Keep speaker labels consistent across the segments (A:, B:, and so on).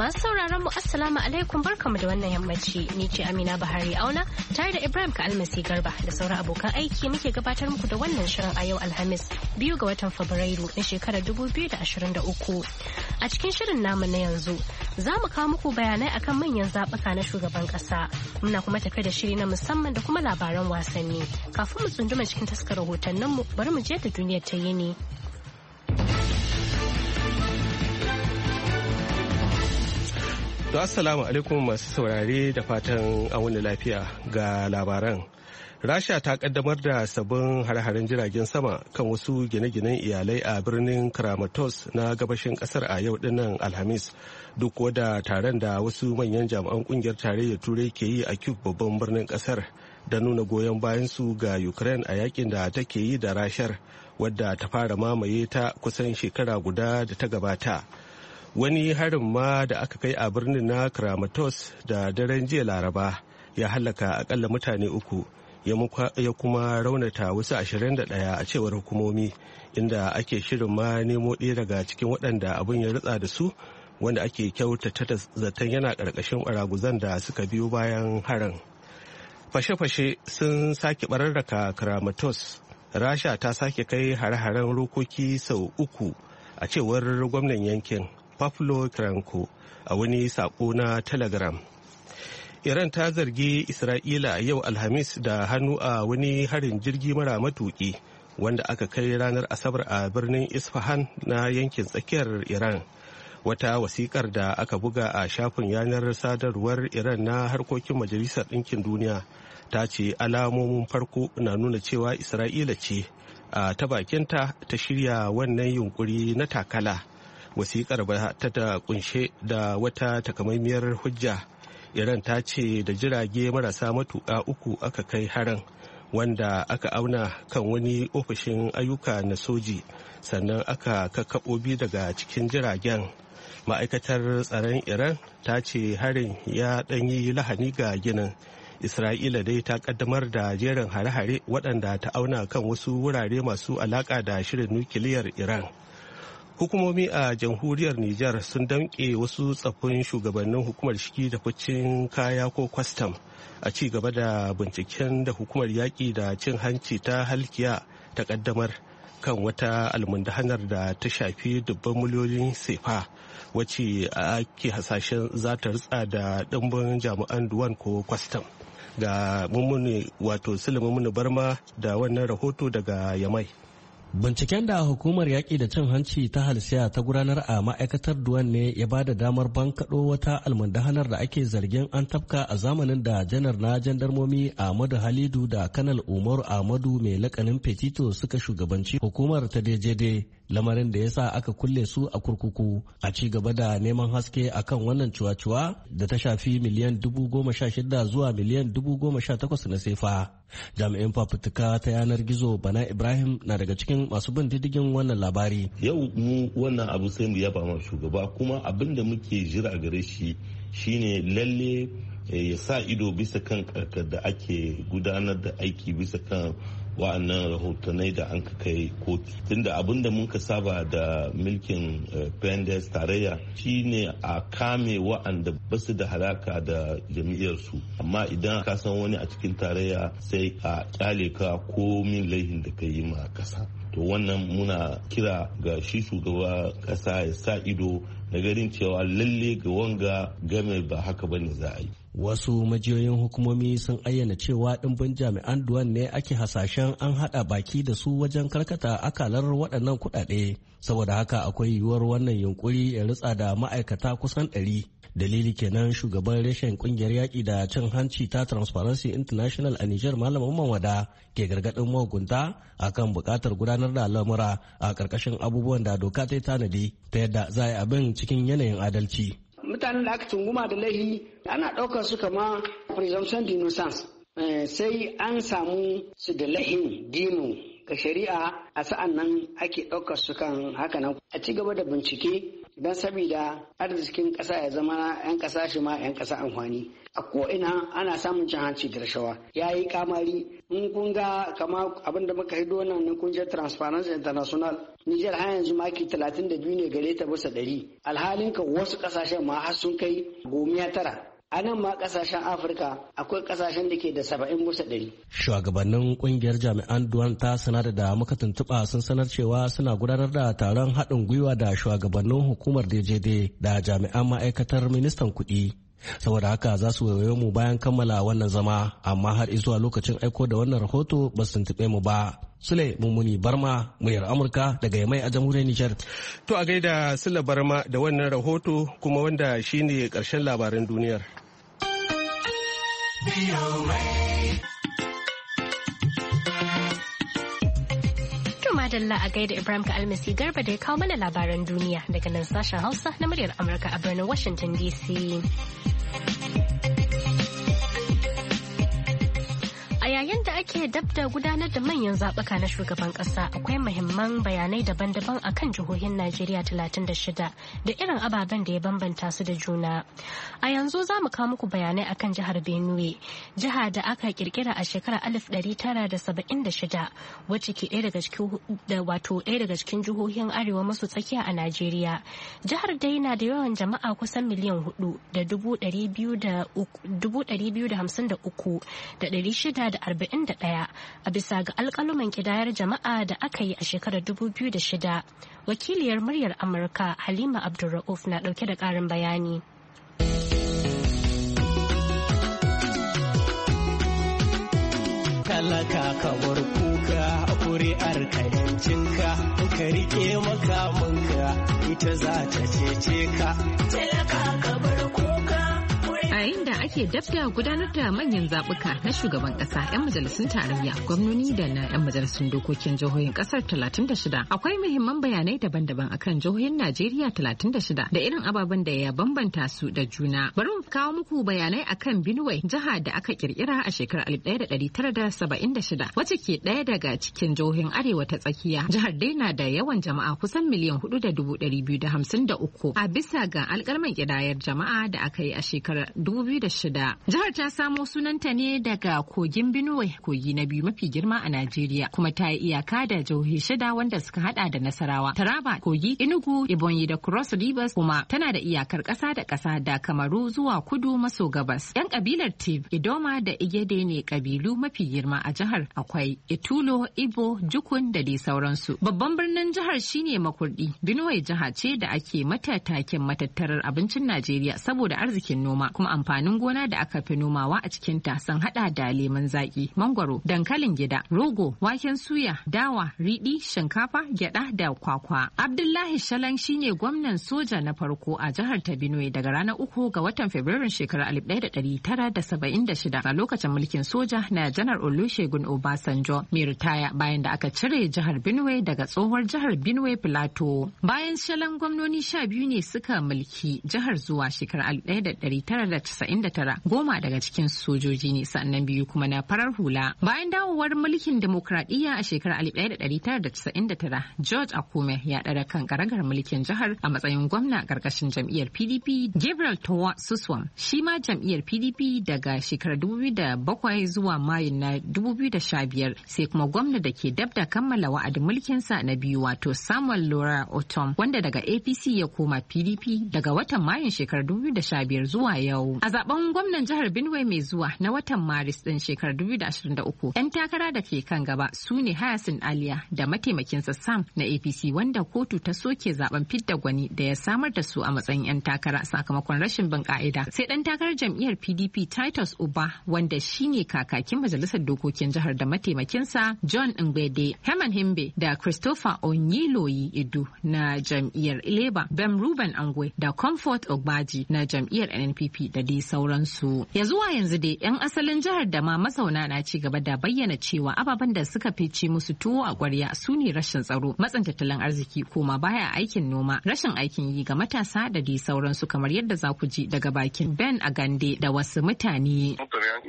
A: Masu sauraron mu Assalamu alaikum barkamu da wannan yammaci ni ce Amina Bahari Auna tare da Ibrahim ka almasi Garba da sauran abokan aiki muke gabatar muku da wannan shirin a yau Alhamis biyu ga watan Fabrairu na shekarar 2023. A cikin shirin namu na yanzu za mu kawo muku bayanai akan manyan zaɓuka na shugaban ƙasa muna kuma tafe da shiri na musamman da kuma labaran wasanni kafin mu tsunduma cikin taskar mu bari mu je da duniyar ta yini.
B: To assalamu alaikum masu saurare da fatan an wani lafiya ga labaran. Rasha ta kaddamar da sabbin har-haren jiragen sama kan wasu gine-ginen iyalai a birnin Kramatos na gabashin kasar a yau dinnan Alhamis duk da taron da wasu manyan jami'an kungiyar tarayyar turai ke yi a Cube babban birnin kasar da nuna goyon bayan su ga Ukraine a yakin da take yi da rashar wadda ta fara mamaye ta kusan shekara guda da ta gabata. wani harin ma da aka kai a birnin na kramatos da daren jiya laraba ya hallaka akalla mutane uku ya kuma raunata wasu 21 a cewar hukumomi inda ake shirin ma nemo ɗaya daga cikin waɗanda abin ya ritsa da su wanda ake kyautata da zaton yana ƙarƙashin baraguzan da suka biyo bayan harin fashe-fashe sun sake bararraka kramatos rasha ta sake kai hare-haren rokoki sau uku a cewar gwamnan yankin Pablo a wani saƙo na Telegram. Iran ta zargi Isra'ila yau Alhamis da hannu a wani harin jirgi mara matuƙi wanda aka kai ranar Asabar a birnin Isfahan na yankin tsakiyar Iran. Wata wasikar da aka buga a shafin yanar sadarwar Iran na harkokin Majalisar Ɗinkin Duniya ta ce alamomin farko na nuna cewa Isra'ila ce a ta bakinta ta shirya wannan yunkuri na takala wasikar ba ta ta kunshe da wata takamaimiyar hujja iran ta ce da jirage marasa matuƙa uku aka kai haran wanda aka auna kan wani ofishin ayyuka na soji sannan aka kakkaɓo bi daga cikin jiragen ma'aikatar tsaron iran ta ce harin ya ɗanyi lahani ga ginin isra'ila dai ta kaddamar da jerin hare-hare waɗanda ta auna kan wasu wurare masu alaƙa da shirin nukiliyar iran hukumomi a jamhuriyar Nijar sun damƙe wasu tsaffin shugabannin hukumar shiki da ficin kaya ko kwastam a ci gaba da binciken da hukumar yaƙi da cin hanci ta halkiya ta ƙaddamar kan wata almundahanar da ta shafi dubban miliyoyin sefa wacce ake hasashen za ta ritsa da ɗimbin jami'an duwan ko kwastam ga mummuni wato silimin barma da wannan rahoto daga
C: yamai Binciken da hukumar yaƙi da cin hanci ta halsiya ta gudanar a ma'aikatar duwan ne ya ba da damar bankaɗo wata almundahanar da ake zargin an tafka a zamanin da janar na jandarmomi Ahmadu Halidu da kanal Umar Ahmadu mai lakanin Petito suka shugabanci hukumar ta dejede lamarin da ya sa aka kulle su a kurkuku a ci gaba da neman haske akan wannan cuwa-cuwa da ta shafi miliyan dubu goma sha shida zuwa miliyan dubu goma sha takwas na sefa. jami'in fafutuka ta yanar gizo bana ibrahim na daga cikin masu bin diddigin wannan labari
B: yau mu wannan abu sai mu yaba ma shugaba kuma abin da muke jira gare shi shine lalle eh, ya sa ido bisa kan da ake gudanar da aiki bisa kan wa'annan rahotanai da an kai kotu tunda abin da mun ka saba da milkin eh, pendes tarayya shine a kame wa'anda ba su da halaka da jami'arsu amma idan ka san wani a cikin tarayya sai a kyale ka ko min laihin da ka yi ma kasa to wannan muna kira ga shi shugaba kasa ya sa ido na garin cewa lalle ga wanga game ba haka bane za a yi
C: wasu majiyoyin hukumomi sun ayyana cewa ɗimbin jami'an duwan ne ake hasashen an haɗa baki da su wajen karkata akalar waɗannan kuɗaɗe saboda haka akwai yiwuwar wannan yunkuri ya ritsa da ma'aikata kusan ɗari dalili kenan shugaban reshen ƙungiyar yaƙi da cin hanci ta transparency international a niger malam umman wada ke gargaɗin mahukunta kan buƙatar gudanar da lamura a ƙarƙashin abubuwan da doka ta yi tanadi ta yadda za a yi abin cikin yanayin adalci mutanen da aka tunguma da laihi ana ɗaukar su kama presumption de innocence eh, sai an samu su da laihin dino ga shari'a a sa'an nan ake ɗaukar su kan haka nan a ci gaba da bincike don sabida arzikin ƙasa ya zama 'yan ƙasa shi ma 'yan ƙasa amfani a ko'ina ana samun cin hanci da rashawa ya yi kamari in kun ga kama abin da muka hido nan na kungiyar transparency international nijar har yanzu maki 32 ne gare ta bisa ɗari alhalin ka wasu ƙasashen ma har sun kai gomiya tara a nan ma kasashen afirka akwai kasashen da ke da saba'in bisa ɗari. shugabannin kungiyar jami'an duwan ta da muka tuntuɓa sun sanar cewa suna gudanar da taron haɗin gwiwa da shugabannin hukumar djd da jami'an ma'aikatar ministan kuɗi saboda haka za su wayo mu bayan kammala wannan zama amma har zuwa lokacin aiko da wannan rahoto ba su tuntuɓe mu ba Sule Mummuni Barma muryar Amurka daga Yamai a jamhuriyar Nijar.
B: To a gaida Sule Barma da wannan rahoto kuma wanda shine karshen labaran duniyar.
A: Madalla a gaida Ibrahim ka almasi garba da ya kawo mana labaran duniya daga nan sashen Hausa na muryar Amurka a birnin Washington DC. yayin da ake dab da gudanar da manyan zaɓuka na shugaban ƙasa akwai muhimman bayanai daban-daban a kan jihohin Najeriya 36 da irin ababen da ya bambanta su da juna. A yanzu za mu kawo muku bayanai a kan jihar Benue, jiha da aka kirkira a shekarar 1976 wacce ke ɗaya daga cikin wato daga cikin jihohin arewa masu tsakiya a Najeriya. Jihar dai na da yawan jama'a kusan miliyan hudu da dubu ɗari biyu da hamsin da uku da ɗari shida da 41 a bisa ga alkaluman kidayar jama'a da aka yi a shekarar 2006. Wakiliyar muryar Amurka Halima Abdulra'uf na ɗauke da ƙarin bayani.
C: talaka ka bar kuka kuri'ar ka ka rike makamanka ita za ta cece ka talaka ka
D: yayin da ake dabda gudanar da manyan zaɓuka na shugaban ƙasa 'yan majalisun tarayya gwamnoni da na 'yan majalisun dokokin jihohin ƙasar 36 akwai muhimman bayanai daban-daban akan jihohin najeriya 36 da irin ababen da ya bambanta su da juna bari mu kawo muku bayanai akan binuwai jiha da aka kirkira a shekarar 1976 wacce ke ɗaya daga cikin jihohin arewa ta tsakiya jihar dai na da yawan jama'a kusan miliyan 4,253 a bisa ga alkalman kidayar jama'a da aka yi a shekarar 2006. Jihar ta samo sunanta ne daga kogin Binuwe, kogi na biyu mafi girma a Najeriya, kuma ta yi iyaka da jihohi shida wanda suka hada da Nasarawa, Taraba, Kogi, Enugu, Ebonyi da Cross Rivers kuma tana da iyakar ƙasa da ƙasa da Kamaru zuwa kudu maso gabas. Yan kabilar Tiv, Idoma da Igede ne kabilu mafi girma a jihar. Akwai Itulo, Ibo, Jukun da dai sauransu. Babban birnin jihar shine Makurdi. Binuwe jiha ce da ake mata taken matattarar abincin Najeriya saboda arzikin noma kuma amfanin gona da aka fi nomawa a cikin ta sun hada da lemun zaki, mangwaro, dankalin gida, rogo, waken suya, dawa, riɗi, shinkafa, gyada da kwakwa. Abdullahi Shalan shine gwamnan soja na farko a jihar ta Benue daga ranar uku ga watan Fabrairun shekarar alif ɗaya da da da tara saba'in shida. a lokacin mulkin soja na janar Olusegun Obasanjo mai ritaya bayan da aka cire jihar Benue daga tsohuwar jihar Benue Filato. Bayan Shalan gwamnoni sha biyu ne suka mulki jihar zuwa shekarar alif ɗaya da tara da 99 goma daga cikin sojoji ne sannan biyu kuma na farar hula bayan dawowar mulkin demokradiyya a shekarar 1999 george akume ya ɗara kan karagar mulkin jihar a matsayin gwamna karkashin jam'iyyar pdp gabriel towa suswam shi ma jam'iyyar pdp daga shekarar 2007 zuwa mayu na 2015 sai kuma gwamna da ke dab da kammala wa'adin mulkinsa na biyu wato samuel lora otom wanda daga apc ya koma pdp daga watan mayun shekarar 2015 zuwa yau A zaben gwamnan jihar Benue mai zuwa na watan Maris din shekarar 2023, 'yan takara da ke kan gaba su ne Hayasin Aliya da mataimakinsa Sam na APC wanda kotu ta soke zaben fidda gwani da ya samar da su a matsayin 'yan takara sakamakon rashin bin ka'ida. Sai dan takarar jam'iyyar PDP Titus Uba wanda shine kakakin majalisar dokokin jihar da mataimakinsa John Ngbede, Herman Himbe da Christopher Onyiloyi Idu na jam'iyyar Labour, Bem Ruben Angwe da Comfort Ogbaji na jam'iyyar NNPP da da dai sauransu. Ya zuwa yanzu dai 'yan asalin jihar da ma mazauna na ci gaba da bayyana cewa ababen da suka fice musu tuwo a kwarya su ne rashin tsaro, matsin tattalin arziki ko ma baya aikin noma, rashin aikin yi ga matasa da dai sauransu kamar yadda za ku ji daga bakin Ben Agande da wasu mutane.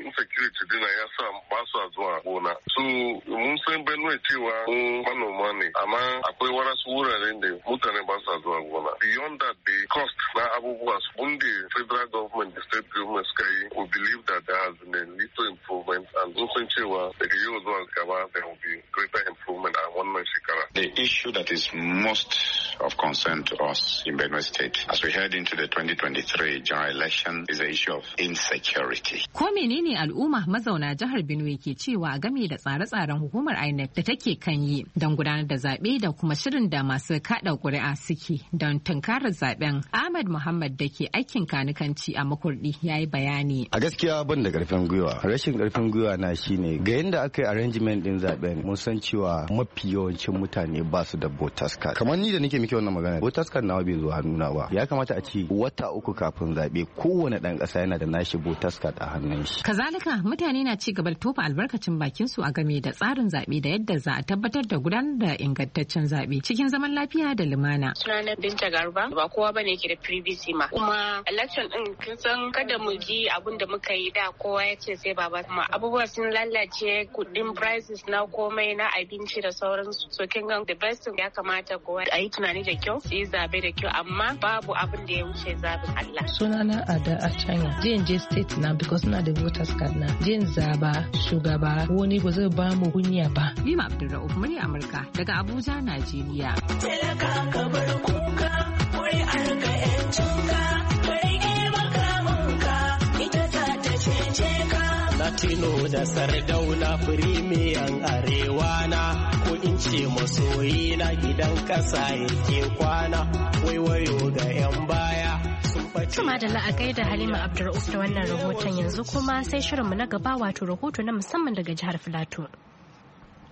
C: insecurity dina ya sa ba su zuwa gona. So mun san Benue cewa mun
E: manoma ne amma akwai wuraren da mutane ba su zuwa gona. Beyond that the cost na abubuwa su bunde federal government state government suka yi we believe that there has been a
F: little improvement and sun cewa daga yau zuwa gaba there will be greater improvement a wannan shekara. The issue that is most of concern to us in Benue State as we head into the 2023 general election is the issue of insecurity.
D: Ko menene al'umma mazauna jihar Benue ke cewa game da tsare-tsaren hukumar INEC da take kan yi don gudanar da zaɓe da kuma shirin da masu kada ƙuri'a suke don tunkarar zaɓen Ahmad Muhammad da ke aikin kanikanci a makon kurdi ya yi bayani
G: a gaskiya ban da karfin gwiwa rashin karfin gwiwa na shine ga yadda aka yi arrangement din zaben mun san cewa mafi yawancin mutane ba su da voters card kamar ni da nake miki wannan magana voters card nawa bai zuwa hannuna ba ya kamata a ci wata uku kafin zabe kowane dan kasa yana da nashi voters card a hannun
D: shi kazalika mutane na ci gaba da tofa albarkacin bakin su a game da tsarin zabe da yadda za a tabbatar da gudanar da ingantaccen zabe cikin zaman lafiya da lumana
A: sunana binta garba ba kowa bane yake da privacy ma kuma election din kin san kada mu ji abun da muka yi da kowa ya
H: ce sai baba ma abubuwa sun lalace kudin prices na komai na abinci da sauransu so kin ga the best ya kamata kowa a yi tunani da kyau su yi zabe da kyau amma babu abin
A: da ya wuce zabin
D: Allah sunana ada a China jin state na because na da voters card na jin zaba shugaba wani ba zai ba mu kunya ba Ni Lima Abdulrauf murya Amurka daga Abuja Najeriya talaka ka kuka wai arka 'yan cinka
C: Latino da Sardauna firimiyan arewa na ko in ce masoyi na gidan ƙasa yake kwana waiwayo ga 'yan baya.
A: Kuma da la'akai da Halima Abdur'uf da wannan rahoton yanzu kuma sai shirin mu na gaba wato rahoto na musamman daga jihar Filato.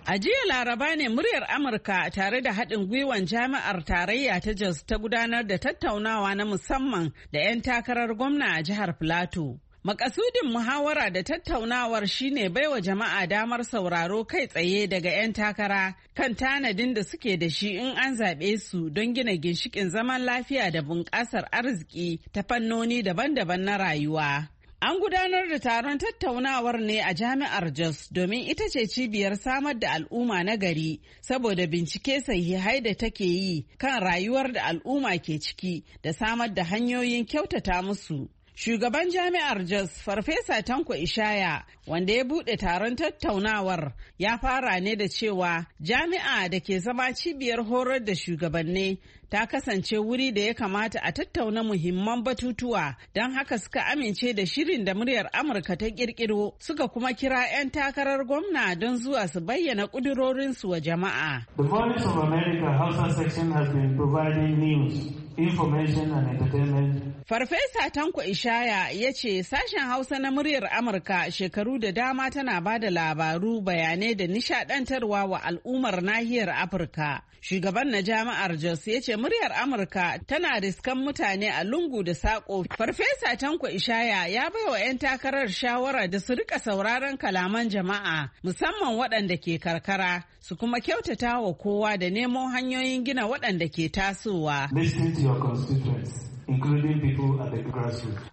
H: A jiya Laraba ne muryar Amurka tare da haɗin gwiwan jami'ar tarayya ta Jos ta gudanar da tattaunawa na musamman da 'yan takarar gwamna a jihar Filato. Makasudin muhawara da tattaunawar shine baiwa jama'a damar sauraro kai tsaye daga 'yan takara kan tanadin da suke da shi in an zaɓe su don gina ginshikin zaman lafiya da bunƙasar arziki ta fannoni daban-daban na rayuwa. An gudanar da taron tattaunawar ne a jami'ar Jos domin ita ce cibiyar samar da al'umma na gari saboda bincike sahihai da take yi kan rayuwar da al'umma ke ciki da samar da hanyoyin kyautata musu. Shugaban jami'ar Jos Farfesa Tanko Ishaya wanda ya buɗe taron tattaunawar ya fara ne da cewa jami'a da ke zama cibiyar horar da shugabanni ta kasance wuri da ya kamata a tattauna muhimman batutuwa don haka suka amince da shirin da muryar Amurka ta kirkiro suka kuma kira 'yan takarar gwamna don zuwa su bayyana kudurorinsu wa jama'a.
E: The Voice of America Hausa section has been providing news, information and
D: entertainment
H: Farfesa Tanko Ishaya ya ce sashen Hausa na muryar Amurka shekaru da dama tana ba da labaru bayanai da nishadantarwa wa al'ummar nahiyar Afirka. Shugaban na jami'ar Jos ya ce muryar Amurka tana riskan mutane a lungu da Saƙo. Farfesa Tanko Ishaya ya bai wa 'yan takarar shawara da su rika sauraron kalaman jama'a musamman waɗanda ke karkara su kuma kyautata wa kowa da nemo hanyoyin gina waɗanda ke tasowa.
I: to your constituents.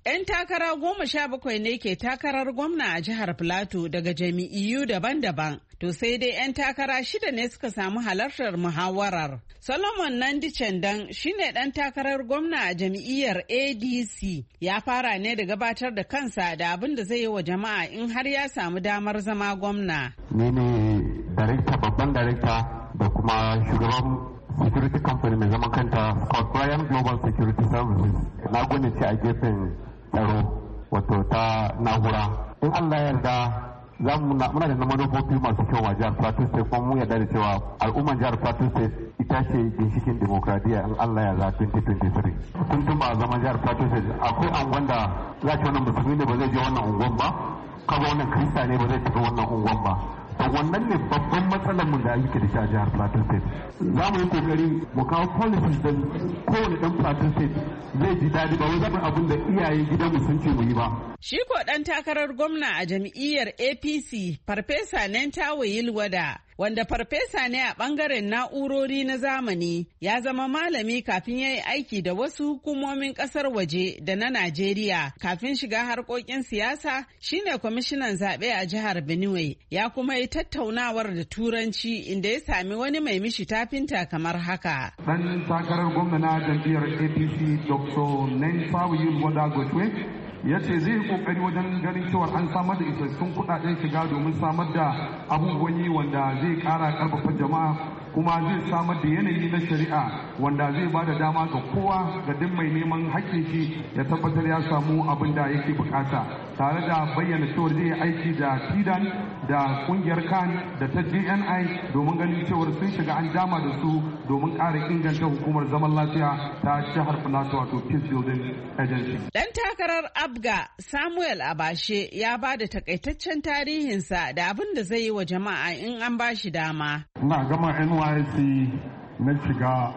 H: 'Yan takara goma sha bakwai ne ke takarar gwamna a jihar Filato daga jami'iyu daban-daban. To sai dai 'yan takara shida ne suka samu halartar muhawarar. Solomon Nandi Chandan shi ne ɗan takarar gwamna a jam'iyyar ADC. Ya fara ne da gabatar da kansa da abin da zai yi wa jama'a in har ya samu damar zama gwamna.
E: Ni ne babban darekta da kuma shugaban security company mai zaman kanta Scott Bryan Global Security Services na ce a gefen tsaro wato ta na'ura. In Allah yarda za mu muna da manufofi masu kyau a jihar plateau state kuma mu yarda da cewa al'ummar jihar plateau state ita ce ginshikin demokradiyya in allah ya za 2023 sun tun ba zaman jihar plateau state akwai an da za ce wannan musulmi ne ba zai je wannan unguwan ba Kaba wannan krista ne ba zai tafi wannan unguwan ba a wannan ne babban matsalar mu da yake da shi a jihar plateau state za mu yi kokari mu kawo policy da kowane dan plateau state zai ji dadi ba wai zaɓin abin da iyaye gidanmu sun ce mu yi ba.
H: shi ko ɗan takarar gwamna a jam'iyyar apc farfesa nentawe yilwada wanda farfesa ne a bangaren na'urori na zamani ya zama malami kafin ya yi aiki da wasu hukumomin kasar waje da na Najeriya kafin shiga harkokin siyasa shine kwamishinan zaɓe a jihar Benue ya kuma yi tattaunawar da turanci inda ya sami wani mai mishi tafinta kamar haka.
E: Dan takarar gwamna jam'iyyar APC Dr. ya ce zai kokari wajen ganin cewa an samar da isassun kudaden shiga domin samar da abubuwan yi wanda zai kara karfafa jama'a kuma zai samar da yanayi na shari'a wanda zai ba da dama ga kowa ga duk mai neman haƙƙin shi ya tabbatar ya samu abin da yake bukata tare da bayyana cewar zai aiki da sidan da kungiyar kan da ta dni domin ganin cewar sun shiga an dama da su domin ƙara inganta hukumar zaman lafiya ta jihar plato wato peace building agency
H: dan takarar abga samuel abashe ya ba da takaitaccen tarihinsa da abin da zai yi wa jama'a in an ba shi dama
E: na gama nysc na shiga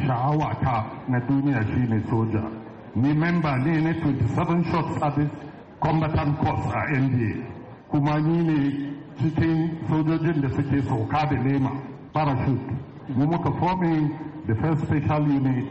E: sha'awata na duniya shine soja ni memba ne na 27 shots service combatant corps a nda kuma ni ne cikin sojojin da suke sauka da lema parachute mu muka forming the first special unit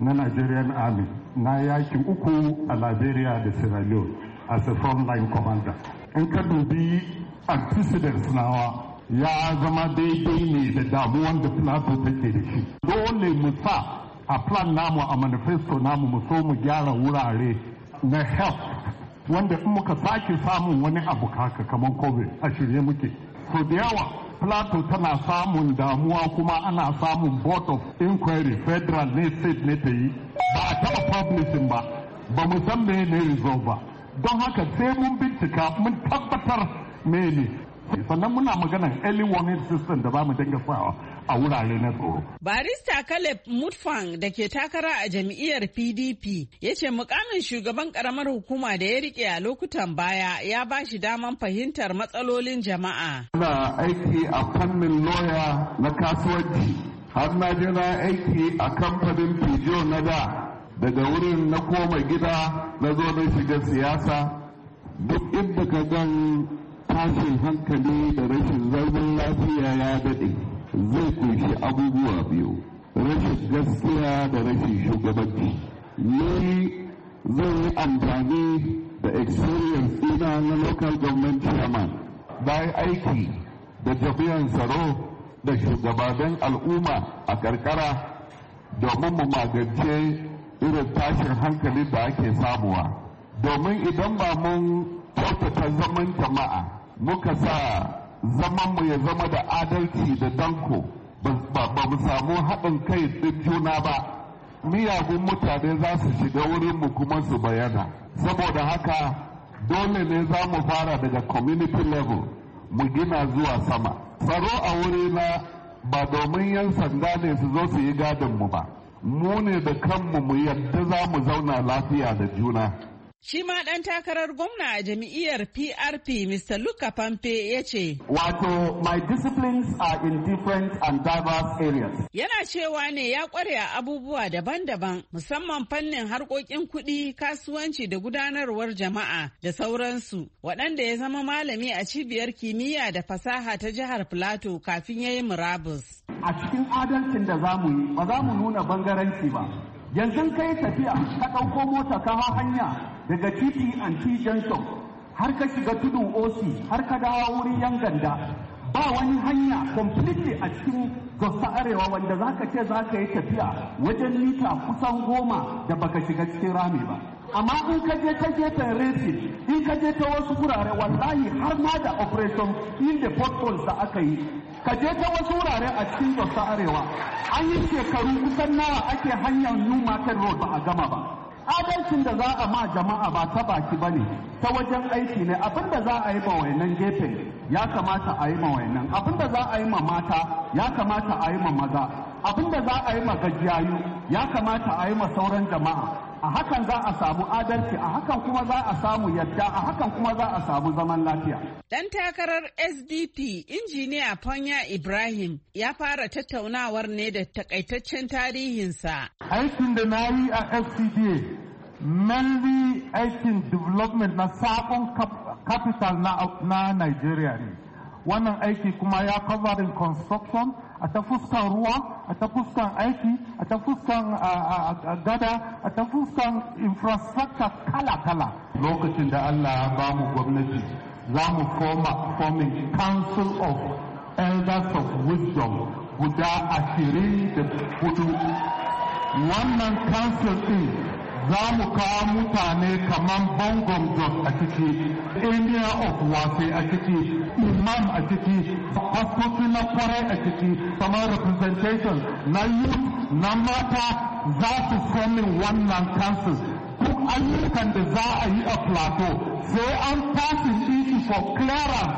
E: na nigerian army na yakin uku a liberia da sierra leone as a frontline commander in ka dubi antecedents nawa ya zama daidai ne da damuwan da plato take da shi dole mu sa a plan namu a manifesto namu mu so mu gyara wurare na health wanda in muka sake samun wani abu kaka kamar covid a shirye muke so da yawa plato tana samun damuwa kuma ana samun board of inquiry federal ne state ne ta yi ba a taba publishing ba ba mu san me ne resolve ba don haka sai mun bincika mun tabbatar me ne sannan muna maganar early warning system da ba mu dinga sawa a
I: wurare na tsoro.
H: Barista Caleb Mutfang da ke takara a jam'iyyar PDP ya ce mukamin shugaban karamar hukuma da ya rike a lokutan baya ya ba shi daman fahimtar matsalolin jama'a.
E: Ina aiki a fannin loya na kasuwanci har na je na aiki a kamfanin fijo na da daga wurin na koma gida na zo na shiga siyasa duk inda ka gan tashin hankali da rashin zaman lafiya ya daɗe. zai kunshi abubuwa biyu rashin gaskiya da rashin shugabanci ni zai yi amfani da experience ina na local government chairman bayan aiki da jami'an tsaro da shugabannin al'umma a karkara domin mu magance irin tashin hankali da ake samuwa domin idan ba mun kyautata zaman jama'a muka sa zaman mu ya zama da adalci da danko ba mu samu haɗin kai ɗin juna ba miyagun mutane za su shiga wurinmu kuma su bayana saboda haka dole ne za mu fara daga community level mu gina zuwa sama tsaro a wuri na ba domin 'yan sanda ne su zo su yi mu ba mu ne da kanmu mu yadda za mu zauna
I: lafiya da juna
H: Shi ma ɗan takarar gwamna a jam'iyyar PRP Mr. Luka Pampe ya ce.
I: Wato, my disciplines are in different and diverse areas.
H: Yana cewa ne ya ƙware a abubuwa daban-daban musamman fannin harkokin kuɗi, kasuwanci da gudanarwar jama'a da sauransu waɗanda ya zama malami a cibiyar kimiyya da fasaha ta jihar Plateau kafin ya yi murabus.
I: A cikin adalcin da za mu yi, ba za mu nuna bangaranci ba. yanzu kai tafiya ka ɗauko mota ka hanya daga titi anti junction har ka shiga tudun osi har ka dawo wurin yan ganda ba wani hanya completely a cikin gosa arewa wanda za ka ce za ka yi tafiya wajen mita kusan goma da baka shiga cikin rami ba amma in ka je ta gefen reti in ka je ta wasu gurare wallahi har ma da operation in the potholes da aka yi ka je ta wasu wurare a cikin jos arewa an yi shekaru kusan nawa ake hanyar new market road ba a gama ba adalcin da za a ma jama'a ba ta baki ba ne ta wajen aiki ne abin da za a yi ma wainan gefe ya kamata a yi ma wainan abin da za a yi ma mata ya kamata a yi ma maza abin da za a yi ma gajiyayu ya kamata a yi ma sauran jama'a a hakan za a samu adalci a hakan kuma za a samu yadda a hakan kuma za a samu zaman lafiya.
H: Dan takarar SDP injiniya Fanya Ibrahim ya fara tattaunawar ne da takaitaccen tarihinsa.
E: Aikin da na yi a FCDA mainly aikin development na sabon capital na Nigeria ne. Wannan aiki kuma ya covering construction a ta fuskan ruwa a ta fuskan aiki a ta fuskan gada a ta fuskan infrastructure kala-kala lokacin da allah ba mu gwamnati za mu forming council of elders of wisdom guda ashirin da hudu wannan council din za mu kawo mutane kamar bangon jos a ciki of wasai a ciki imam a ciki fasoci na kwarai a ciki kamar representation na youth na mata za su sanin wannan kansu duk ayyukan da za a yi a plateau sai an passing isu for clearance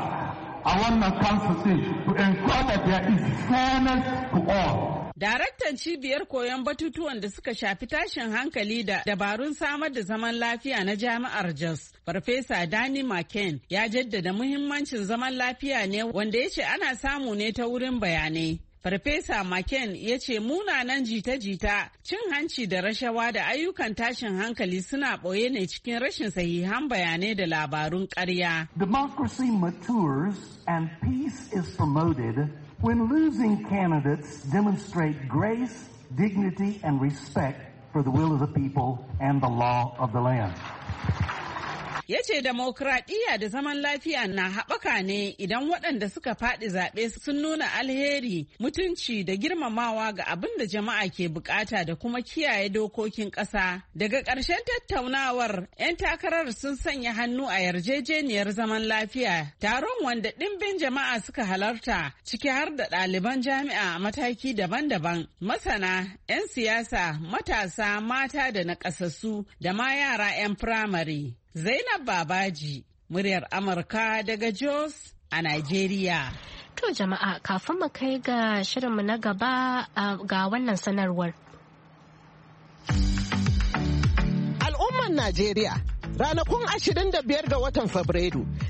E: a wannan council to ensure that there is fairness to
H: all Daraktan cibiyar koyon batutuwan da suka shafi tashin hankali da dabarun samar da zaman lafiya na jami'ar Jos, Farfesa Dani Maken ya jaddada muhimmancin zaman lafiya ne wanda ya ce ana samu ne ta wurin bayanai. Farfesa Maken ya ce munanan jita-jita, cin hanci da rashawa da ayyukan tashin hankali suna ɓoye ne cikin rashin sahihan bayanai da labarun ƙarya.
E: Democracy matures and peace is promoted When losing candidates demonstrate grace, dignity, and respect for the will of the people and the law of the land.
H: ya ce demokradiyya da zaman lafiya na haɓaka ne idan waɗanda suka faɗi zaɓe sun nuna alheri mutunci da girmamawa ga abin da jama'a ke bukata da kuma kiyaye dokokin ƙasa daga ƙarshen tattaunawar 'yan takarar sun sanya hannu a yarjejeniyar zaman lafiya taron wanda ɗimbin jama'a suka halarta ciki har da ɗaliban jami'a a mataki daban-daban masana 'yan siyasa matasa mata da naƙasassu da ma yara 'yan firamare Zainab Babaji, muryar Amurka daga
A: Jos a Najeriya. To jama'a kafin mu kai ga shirinmu na gaba ga wannan sanarwar. Al'ummar Najeriya
H: ranakun 25 ga watan Fabrairu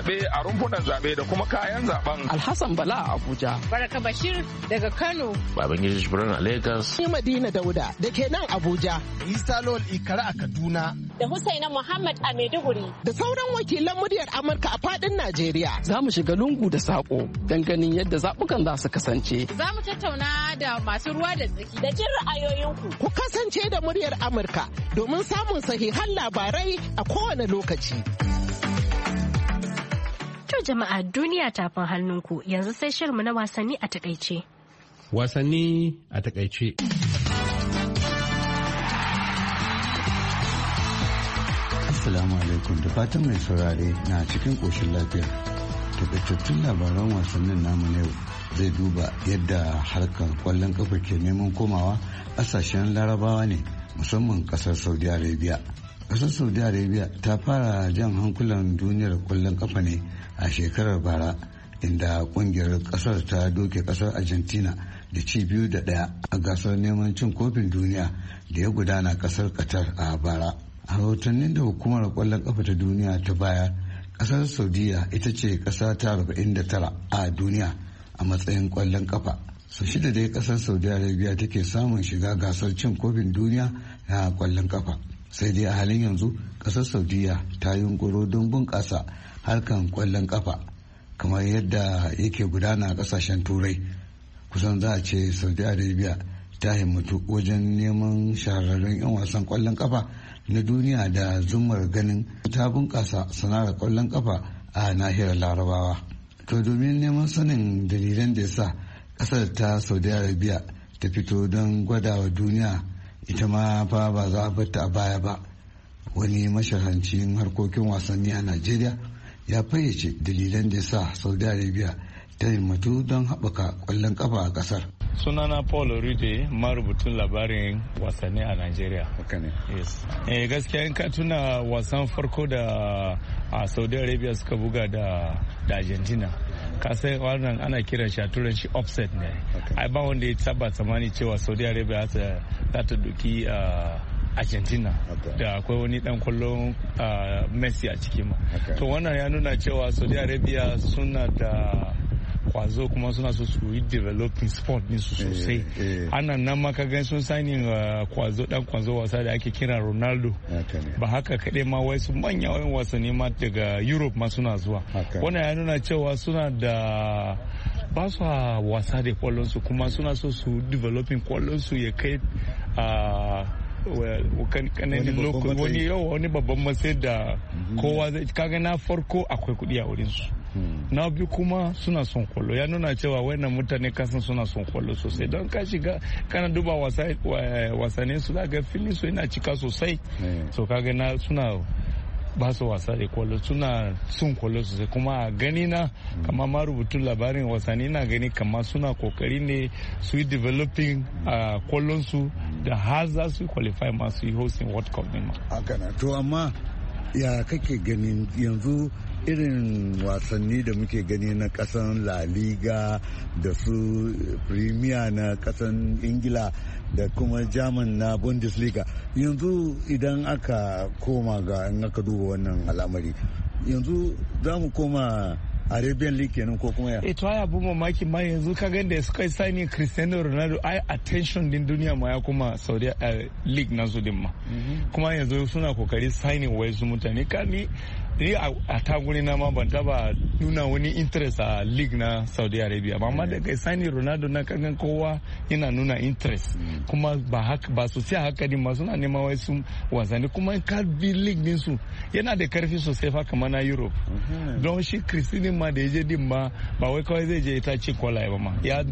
B: zaɓe a rumfunan zaɓe da kuma kayan zaɓen. Alhassan Bala a Abuja.
D: Baraka Bashir daga Kano.
B: Babangiji Jibrin a Lagos. Ni Madina Dauda da ke nan Abuja. Isa Lol Ikara a Kaduna.
H: Da Husaina Muhammad a Maiduguri. Da sauran wakilan muryar Amurka a faɗin Najeriya. Za mu shiga lungu da saƙo don yadda zaɓukan za su kasance. Za mu tattauna da masu ruwa da tsaki. Da jin ra'ayoyinku. Ku kasance da muryar Amurka domin samun
A: sahihan
C: labarai a kowane lokaci.
A: To jama'a duniya tafin hannunku yanzu sai shirmu na wasanni a takaice.
C: Wasanni
G: a takaice. Assalamu alaikum da fatan mai saurare na cikin ƙoshin lafiya. Takaitattun labaran wasannin namu na yau zai duba yadda harkar kwallon kafa ke neman komawa ƙasashen larabawa ne musamman ƙasar Saudi Arabia. kasar saudi arabia ta fara jan hankulan duniyar kwallon kafa ne a shekarar bara inda kungiyar kasar ta doke kasar argentina da ci biyu da daya a gasar neman cin kofin duniya da ya gudana kasar qatar a bara a rahotannin da hukumar kwallon kafa ta duniya ta baya kasar saudiya ita ce kasa ta tara a duniya a matsayin kwallon kafa su shida dai kasar saudi arabia take samun shiga gasar cin kofin duniya na kwallon kafa sai dai a halin yanzu kasar saudiya ta yunkuro don bunƙasa harkan kwallon kafa kamar yadda yake gudana a kasashen turai kusan za a ce saudi arabia ta himmatu wajen neman shahararren 'yan wasan kwallon kafa na duniya da zumar ganin ta bunƙasa sana'ar kwallon kafa a nahiyar larabawa to domin neman sanin dalilan da ya sa ƙasar ta saudi arabia ta fito don gwada wa duniya ita ma fa ba za a batta a baya ba wani mashahancin harkokin wasanni a najeriya ya fayyace dalilan da ya sa saudi arabia ta himmatu don haɓaka ƙwallon ƙafa a ƙasar
F: sunana paul rude marubutun labarin wasanni a nigeria eh, gaskiya in ka tuna wasan farko da a saudi arabia suka buga da argentina kasai wannan ana kiran shi a turanci offset ne ai ba wanda ya taba tsammani cewa saudi arabia za ta doki ah, argentina da akwai wani dan kwallon ah, messi a ciki ma to wannan ya nuna cewa saudi arabia suna da kwazo kuma suna so su yi developing sport din su sosai eh, eh. ana nan maka gan sun sani uh, kwazo dan kwazo wasa da ake kira ronaldo ba haka kaɗai ma wai su manya wayan wasanni ma daga europe ma suna zuwa wannan ya nuna cewa suna da ba su wasa da kwallonsu kuma suna so su developing kwallonsu ya kai uh, kananin lokaci wani yau wani babban masai da mhm. kowa zai kaga na farko akwai kuɗi a wurinsu Hmm. na biyu kuma suna son kwallo ya nuna cewa wannan mutane kasan suna son kwallo sosai don ka shiga kana duba wasannin su ga fili su yana cika sosai hmm. so kaga na suna ba su wasa da kwallo suna sun kwallo sosai kuma a gani na hmm. kama marubutu labarin wasanni na gani kama suna kokari ne su yi developing a kwallon su da har za su qualify masu yi hosting world cup din
G: ma. to ya kake ganin yanzu irin wasanni da muke gani na kasan la liga da su premier na kasan ingila da kuma german na bundesliga yanzu idan aka koma ga in aka duba wannan al'amari yanzu za mu koma arabian league kenan ko kuma ya
F: ito eh, ya bu maki ma yanzu ka ganda suka sani cristiano ronaldo ai attention din duniya ma ya kuma saudi eh, league na su din ma mm-hmm. kuma yanzu suna kokari signing wai su mutane ka ni a ta na ma ban taba nuna wani interest a league na saudi arabia ba amma daga sani ronaldo na kankan kowa yana nuna interest mm. kuma ba su siya haka din ma suna neman wai sun wasanni kuma ka bi league din su yana da karfi sosai fa kamar na europe mhm. don shi kristinin ma da ya je din ma ba wai kawai zai je ita ce kwalaye ba ma ya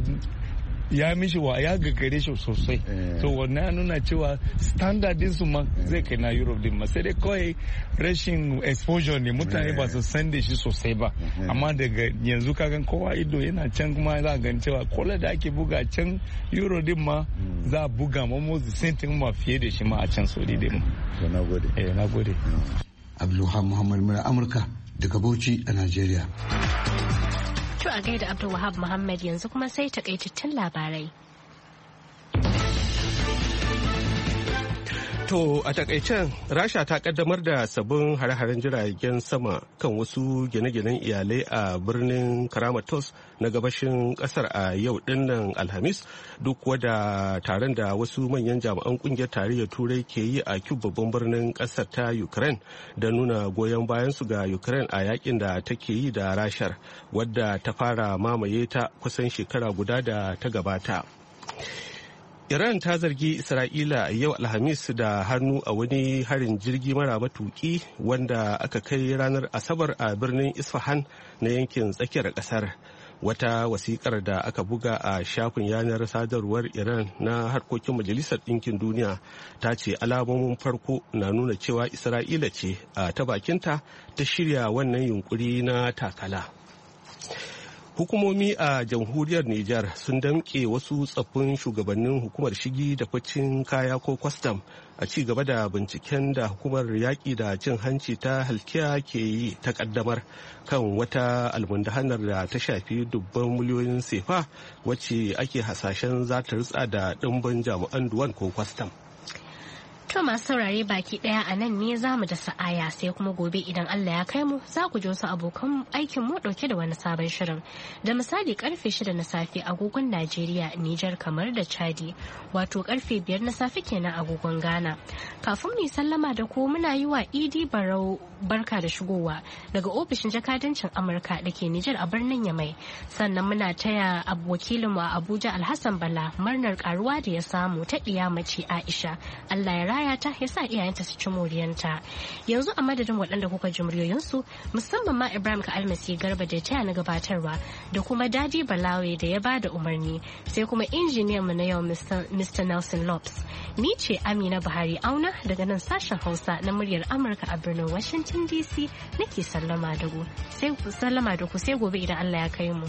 F: ya mishi wa ya gagare shi sosai to eh. wannan ya nuna cewa standardin su ma eh. zai kai na europe din ma sai dai kawai rashin exposure ne mutane ba eh. su san da shi sosai ba amma daga yanzu gan kowa ido yana can kuma za a gan cewa kola da ake buga can euro din ma hmm. za a buga ma the same ma fiye da shi ma a can saudi din ma
G: na gode muhammad amurka daga bauchi a nigeria
A: To a gaida Abdul Wahab Muhammad yanzu kuma sai takaitattun labarai.
B: To a takaicen Rasha ta kaddamar da sabbin hare-haren jiragen sama kan wasu gine-ginen iyalai a birnin Karamatos na gabashin kasar a yau dinnan Alhamis duk wada taron da wasu manyan jami'an kungiyar tarayyar turai ke yi a Cuba babban birnin kasar ta Ukraine da nuna goyon bayan su ga Ukraine a yakin da take yi da Rashar wadda ta fara mamaye ta kusan shekara guda da ta gabata. Iran ta zargi Isra'ila yau Alhamis da hannu a wani harin jirgi mara matuki wanda aka kai ranar Asabar a birnin Isfahan na yankin tsakiyar ƙasar. Wata wasikar da aka buga a shafin yanar sadarwar Iran na harkokin Majalisar Ɗinkin Duniya ta ce alamomin farko na nuna cewa Isra'ila ce a ta bakinta ta shirya wannan yunkuri na takala. hukumomi a jamhuriyar Nijar sun damƙe wasu tsaffin shugabannin hukumar shigi da kwacin kaya ko kwastam a ci gaba da binciken da hukumar yaƙi da cin hanci ta halkiya ke yi ta ƙaddamar kan wata almundahanar da ta shafi dubban miliyoyin sefa wacce ake hasashen za ta da ɗimbin jami'an duwan ko kwastam.
A: To masu saurare baki daya a nan ne za mu da sa'aya sai kuma gobe idan Allah ya kai mu za ku ji wasu abokan aikin mu dauke da wani sabon shirin. Da misali karfe shida na safe agogon Najeriya, Nijar kamar da Chadi, wato karfe biyar na safe kenan agogon Ghana. Kafin mu sallama da ku muna yi wa Idi Barau barka da shigowa daga ofishin jakadancin amurka da ke nijar a birnin yamai sannan muna taya wakilinmu a abuja alhassan bala murnar karuwa da ya samu ta ɗiya mace aisha allah ya raya ta ya sa iyayenta su ci moriyanta yanzu a madadin waɗanda kuka ji muryoyinsu musamman ma ibrahim ka almasi garba da taya na gabatarwa da kuma dadi balawe da ya bada umarni sai kuma injiniyan mu na yau mr nelson lopes ni ce amina buhari auna daga nan sashen hausa na muryar amurka a birnin washington Washington DC nake sallama da ku sai gobe idan Allah ya kai mu.